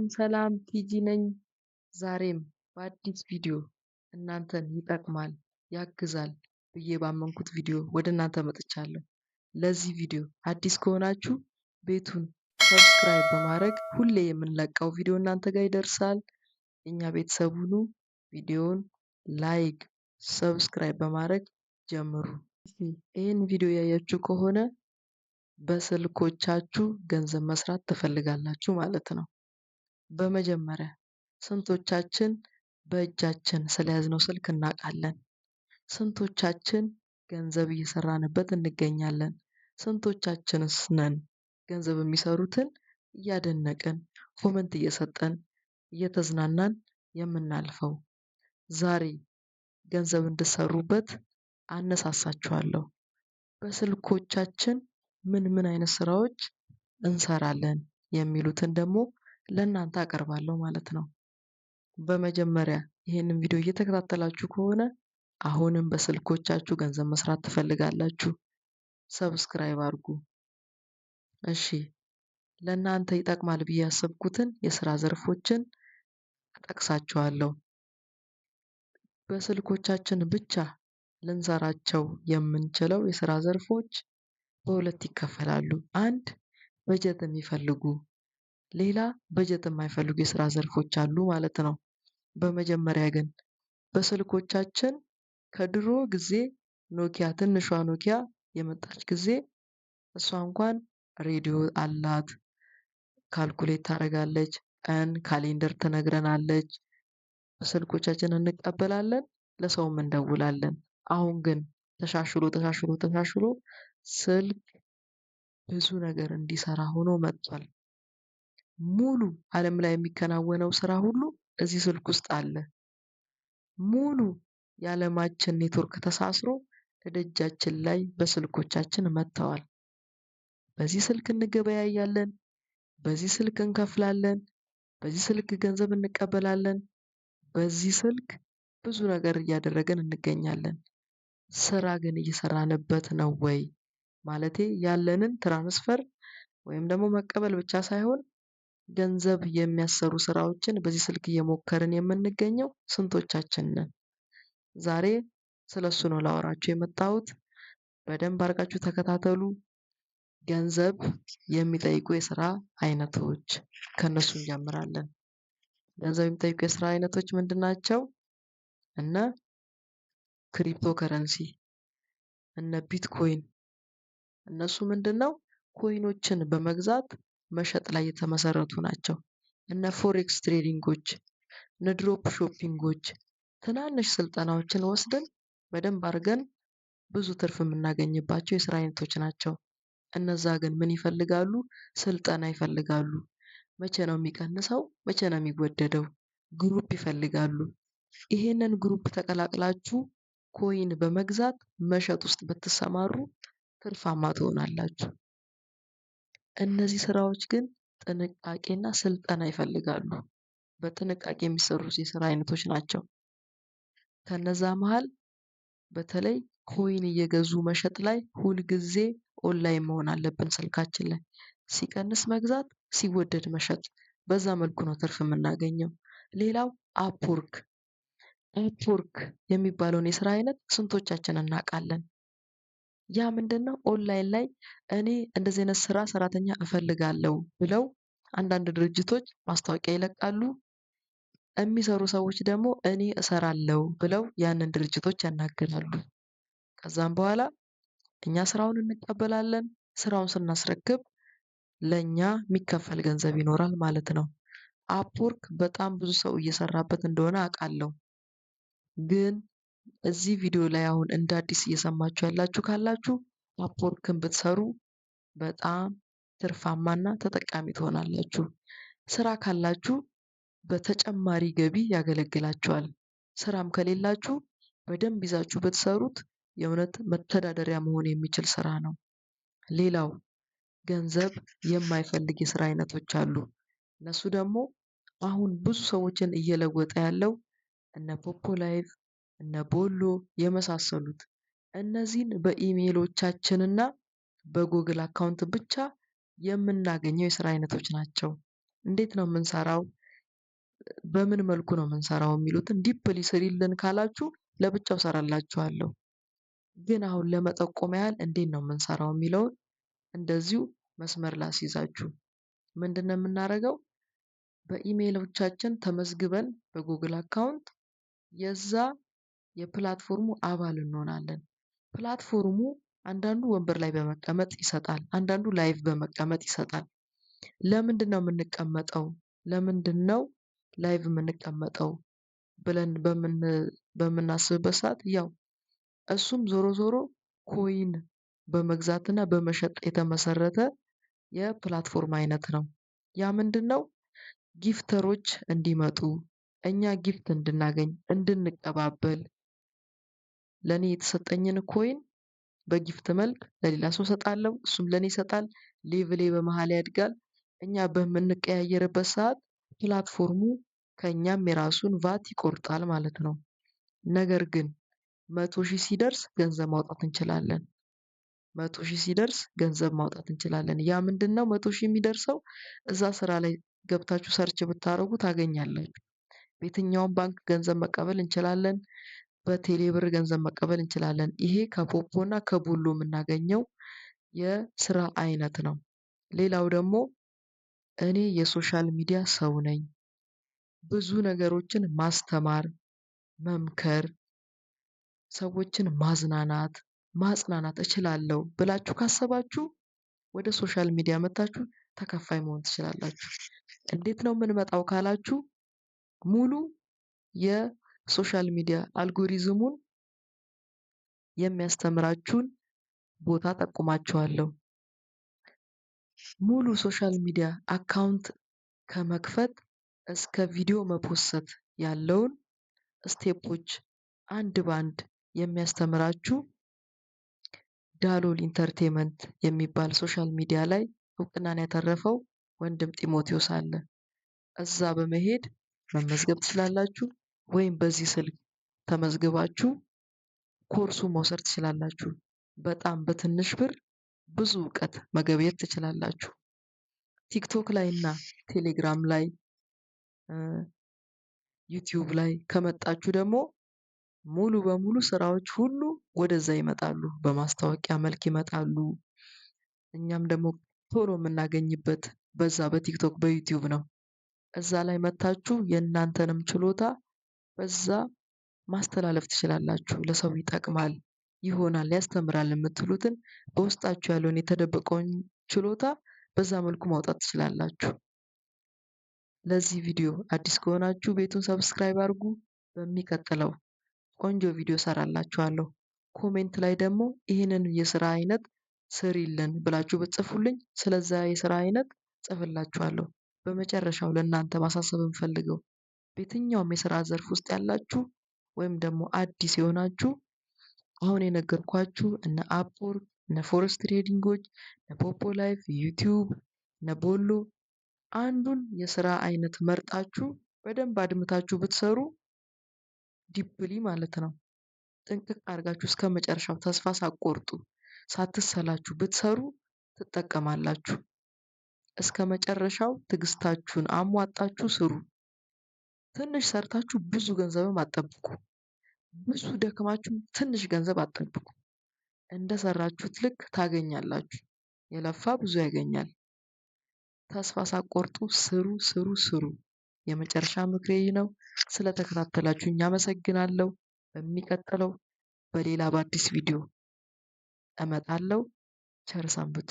ሰላም ሰላም ቲጂ ነኝ። ዛሬም በአዲስ ቪዲዮ እናንተን ይጠቅማል፣ ያግዛል ብዬ ባመንኩት ቪዲዮ ወደ እናንተ መጥቻለሁ። ለዚህ ቪዲዮ አዲስ ከሆናችሁ ቤቱን ሰብስክራይብ በማድረግ ሁሌ የምንለቀው ቪዲዮ እናንተ ጋር ይደርሳል። እኛ ቤተሰብ ሁኑ። ቪዲዮውን ላይክ፣ ሰብስክራይብ በማድረግ ጀምሩ። ይህን ቪዲዮ ያያችሁ ከሆነ በስልኮቻችሁ ገንዘብ መስራት ትፈልጋላችሁ ማለት ነው። በመጀመሪያ ስንቶቻችን በእጃችን ስለያዝነው ስልክ እናውቃለን? ስንቶቻችን ገንዘብ እየሰራንበት እንገኛለን? ስንቶቻችንስ ነን ገንዘብ የሚሰሩትን እያደነቅን ኮመንት እየሰጠን እየተዝናናን የምናልፈው? ዛሬ ገንዘብ እንድትሰሩበት አነሳሳችኋለሁ። በስልኮቻችን ምን ምን አይነት ስራዎች እንሰራለን የሚሉትን ደግሞ ለእናንተ አቀርባለሁ ማለት ነው። በመጀመሪያ ይህንን ቪዲዮ እየተከታተላችሁ ከሆነ አሁንም በስልኮቻችሁ ገንዘብ መስራት ትፈልጋላችሁ ሰብስክራይብ አድርጉ። እሺ ለእናንተ ይጠቅማል ብዬ ያሰብኩትን የስራ ዘርፎችን ጠቅሳችኋለሁ። በስልኮቻችን ብቻ ልንሰራቸው የምንችለው የስራ ዘርፎች በሁለት ይከፈላሉ። አንድ በጀት የሚፈልጉ ሌላ በጀት የማይፈልጉ የስራ ዘርፎች አሉ ማለት ነው። በመጀመሪያ ግን በስልኮቻችን ከድሮ ጊዜ ኖኪያ ትንሿ ኖኪያ የመጣች ጊዜ እሷ እንኳን ሬዲዮ አላት ካልኩሌት ታደርጋለች ቀን ካሌንደር ትነግረናለች በስልኮቻችን እንቀበላለን ለሰውም እንደውላለን አሁን ግን ተሻሽሎ ተሻሽሎ ተሻሽሎ ስልክ ብዙ ነገር እንዲሰራ ሆኖ መጥቷል ሙሉ አለም ላይ የሚከናወነው ስራ ሁሉ እዚህ ስልክ ውስጥ አለ። ሙሉ የዓለማችን ኔትወርክ ተሳስሮ እደጃችን ላይ በስልኮቻችን መጥተዋል። በዚህ ስልክ እንገበያያለን፣ በዚህ ስልክ እንከፍላለን፣ በዚህ ስልክ ገንዘብ እንቀበላለን፣ በዚህ ስልክ ብዙ ነገር እያደረግን እንገኛለን። ስራ ግን እየሰራንበት ነው ወይ? ማለቴ ያለንን ትራንስፈር ወይም ደግሞ መቀበል ብቻ ሳይሆን ገንዘብ የሚያሰሩ ስራዎችን በዚህ ስልክ እየሞከርን የምንገኘው ስንቶቻችን ነን? ዛሬ ስለሱ ነው ላወራችሁ የመጣሁት። በደንብ አድርጋችሁ ተከታተሉ። ገንዘብ የሚጠይቁ የስራ አይነቶች ከእነሱ እንጀምራለን። ገንዘብ የሚጠይቁ የስራ አይነቶች ምንድን ናቸው? እነ ክሪፕቶ ከረንሲ እነ ቢትኮይን እነሱ ምንድን ነው? ኮይኖችን በመግዛት መሸጥ ላይ የተመሰረቱ ናቸው። እነ ፎሬክስ ትሬዲንጎች እነ ድሮፕ ሾፒንጎች ትናንሽ ስልጠናዎችን ወስደን በደንብ አድርገን ብዙ ትርፍ የምናገኝባቸው የስራ አይነቶች ናቸው። እነዛ ግን ምን ይፈልጋሉ? ስልጠና ይፈልጋሉ። መቼ ነው የሚቀንሰው? መቼ ነው የሚወደደው? ግሩፕ ይፈልጋሉ። ይሄንን ግሩፕ ተቀላቅላችሁ ኮይን በመግዛት መሸጥ ውስጥ ብትሰማሩ ትርፋማ ትሆናላችሁ። እነዚህ ስራዎች ግን ጥንቃቄና ስልጠና ይፈልጋሉ። በጥንቃቄ የሚሰሩ የስራ አይነቶች ናቸው። ከነዛ መሃል በተለይ ኮይን እየገዙ መሸጥ ላይ ሁልጊዜ ኦንላይን መሆን አለብን ስልካችን ላይ። ሲቀንስ መግዛት ሲወደድ መሸጥ በዛ መልኩ ነው ትርፍ የምናገኘው። ሌላው አፕወርክ አፕወርክ የሚባለውን የስራ አይነት ስንቶቻችን እናውቃለን? ያ ምንድነው ኦንላይን ላይ እኔ እንደዚህ አይነት ስራ ሰራተኛ እፈልጋለሁ ብለው አንዳንድ ድርጅቶች ማስታወቂያ ይለቃሉ። የሚሰሩ ሰዎች ደግሞ እኔ እሰራለሁ ብለው ያንን ድርጅቶች ያናግራሉ። ከዛም በኋላ እኛ ስራውን እንቀበላለን ስራውን ስናስረክብ ለእኛ የሚከፈል ገንዘብ ይኖራል ማለት ነው። አፕወርክ በጣም ብዙ ሰው እየሰራበት እንደሆነ አውቃለሁ። ግን እዚህ ቪዲዮ ላይ አሁን እንደ አዲስ እየሰማችሁ ያላችሁ ካላችሁ አፕወርክን ብትሰሩ በጣም ትርፋማና ተጠቃሚ ትሆናላችሁ። ስራ ካላችሁ በተጨማሪ ገቢ ያገለግላችኋል። ስራም ከሌላችሁ በደንብ ይዛችሁ ብትሰሩት የእውነት መተዳደሪያ መሆን የሚችል ስራ ነው። ሌላው ገንዘብ የማይፈልግ የስራ አይነቶች አሉ። እነሱ ደግሞ አሁን ብዙ ሰዎችን እየለወጠ ያለው እነ ፖፖ ላይቭ እነ ቦሎ የመሳሰሉት እነዚህን በኢሜሎቻችንና በጉግል አካውንት ብቻ የምናገኘው የስራ አይነቶች ናቸው። እንዴት ነው የምንሰራው? በምን መልኩ ነው የምንሰራው የሚሉትን ዲፕሊ ስሪልን ካላችሁ ለብቻው ሰራላችኋለሁ ግን አሁን ለመጠቆም ያህል እንዴት ነው የምንሰራው የሚለውን እንደዚሁ መስመር ላስይዛችሁ። ምንድነው የምናደርገው? በኢሜሎቻችን ተመዝግበን በጉግል አካውንት የዛ የፕላትፎርሙ አባል እንሆናለን። ፕላትፎርሙ አንዳንዱ ወንበር ላይ በመቀመጥ ይሰጣል። አንዳንዱ ላይቭ በመቀመጥ ይሰጣል። ለምንድን ነው የምንቀመጠው? ለምንድን ነው ላይቭ የምንቀመጠው? ብለን በምናስብበት ሰዓት ያው እሱም ዞሮ ዞሮ ኮይን በመግዛትና በመሸጥ የተመሰረተ የፕላትፎርም አይነት ነው። ያ ምንድን ነው? ጊፍተሮች እንዲመጡ እኛ ጊፍት እንድናገኝ እንድንቀባበል ለእኔ የተሰጠኝን ኮይን በጊፍት መልክ ለሌላ ሰው ሰጣለው እሱም ለእኔ ይሰጣል። ሌቭሌ በመሃል ያድጋል። እኛ በምንቀያየርበት ሰዓት ፕላትፎርሙ ከእኛም የራሱን ቫት ይቆርጣል ማለት ነው። ነገር ግን መቶ ሺህ ሲደርስ ገንዘብ ማውጣት እንችላለን። መቶ ሺህ ሲደርስ ገንዘብ ማውጣት እንችላለን። ያ ምንድን ነው? መቶ ሺህ የሚደርሰው እዛ ስራ ላይ ገብታችሁ ሰርች ብታደርጉ ታገኛላችሁ። በየትኛውም ባንክ ገንዘብ መቀበል እንችላለን። በቴሌ ብር ገንዘብ መቀበል እንችላለን። ይሄ ከፖፖ እና ከቡሉ የምናገኘው የስራ አይነት ነው። ሌላው ደግሞ እኔ የሶሻል ሚዲያ ሰው ነኝ። ብዙ ነገሮችን ማስተማር፣ መምከር፣ ሰዎችን ማዝናናት፣ ማጽናናት እችላለሁ ብላችሁ ካሰባችሁ ወደ ሶሻል ሚዲያ መታችሁ ተከፋይ መሆን ትችላላችሁ። እንዴት ነው የምንመጣው ካላችሁ ሙሉ የ ሶሻል ሚዲያ አልጎሪዝሙን የሚያስተምራችሁን ቦታ ጠቁማችኋለሁ። ሙሉ ሶሻል ሚዲያ አካውንት ከመክፈት እስከ ቪዲዮ መፖሰት ያለውን ስቴፖች አንድ በአንድ የሚያስተምራችሁ ዳሎል ኢንተርቴመንት የሚባል ሶሻል ሚዲያ ላይ እውቅናን ያተረፈው ወንድም ጢሞቴዎስ አለ። እዛ በመሄድ መመዝገብ ትችላላችሁ። ወይም በዚህ ስልክ ተመዝግባችሁ ኮርሱ መውሰድ ትችላላችሁ። በጣም በትንሽ ብር ብዙ እውቀት መገብየት ትችላላችሁ። ቲክቶክ ላይ እና ቴሌግራም ላይ ዩቲዩብ ላይ ከመጣችሁ ደግሞ ሙሉ በሙሉ ስራዎች ሁሉ ወደዛ ይመጣሉ። በማስታወቂያ መልክ ይመጣሉ። እኛም ደግሞ ቶሎ የምናገኝበት በዛ በቲክቶክ በዩቲዩብ ነው። እዛ ላይ መታችሁ የእናንተንም ችሎታ በዛ ማስተላለፍ ትችላላችሁ። ለሰው ይጠቅማል ይሆናል ያስተምራል የምትሉትን በውስጣችሁ ያለውን የተደበቀውን ችሎታ በዛ መልኩ ማውጣት ትችላላችሁ። ለዚህ ቪዲዮ አዲስ ከሆናችሁ ቤቱን ሰብስክራይብ አድርጉ። በሚቀጥለው ቆንጆ ቪዲዮ ሰራላችኋለሁ። ኮሜንት ላይ ደግሞ ይህንን የስራ አይነት ስሪልን ብላችሁ በጽፉልኝ ስለዛ የስራ አይነት ጽፍላችኋለሁ። በመጨረሻው ለእናንተ ማሳሰብ እንፈልገው በየትኛውም የስራ ዘርፍ ውስጥ ያላችሁ ወይም ደግሞ አዲስ የሆናችሁ አሁን የነገርኳችሁ እነ አፖር፣ እነ ፎረስት ትሬዲንጎች እነ ፖፖ ላይፍ ዩቲዩብ እነ ቦሎ አንዱን የስራ አይነት መርጣችሁ በደንብ አድምታችሁ ብትሰሩ ዲፕሊ ማለት ነው ጥንቅቅ አድርጋችሁ እስከ መጨረሻው ተስፋ ሳቆርጡ ሳትሰላችሁ ብትሰሩ ትጠቀማላችሁ። እስከ መጨረሻው ትዕግስታችሁን አሟጣችሁ ስሩ ትንሽ ሰርታችሁ ብዙ ገንዘብም አጠብቁ ብዙ ደክማችሁ ትንሽ ገንዘብ አጠብቁ እንደሰራችሁት ልክ ታገኛላችሁ። የለፋ ብዙ ያገኛል። ተስፋ ሳቆርጡ ስሩ ስሩ ስሩ። የመጨረሻ ምክሬ ይህ ነው። ስለተከታተላችሁ አመሰግናለሁ። በሚቀጥለው በሌላ በአዲስ ቪዲዮ እመጣለሁ። ቸር ሰንብቱ።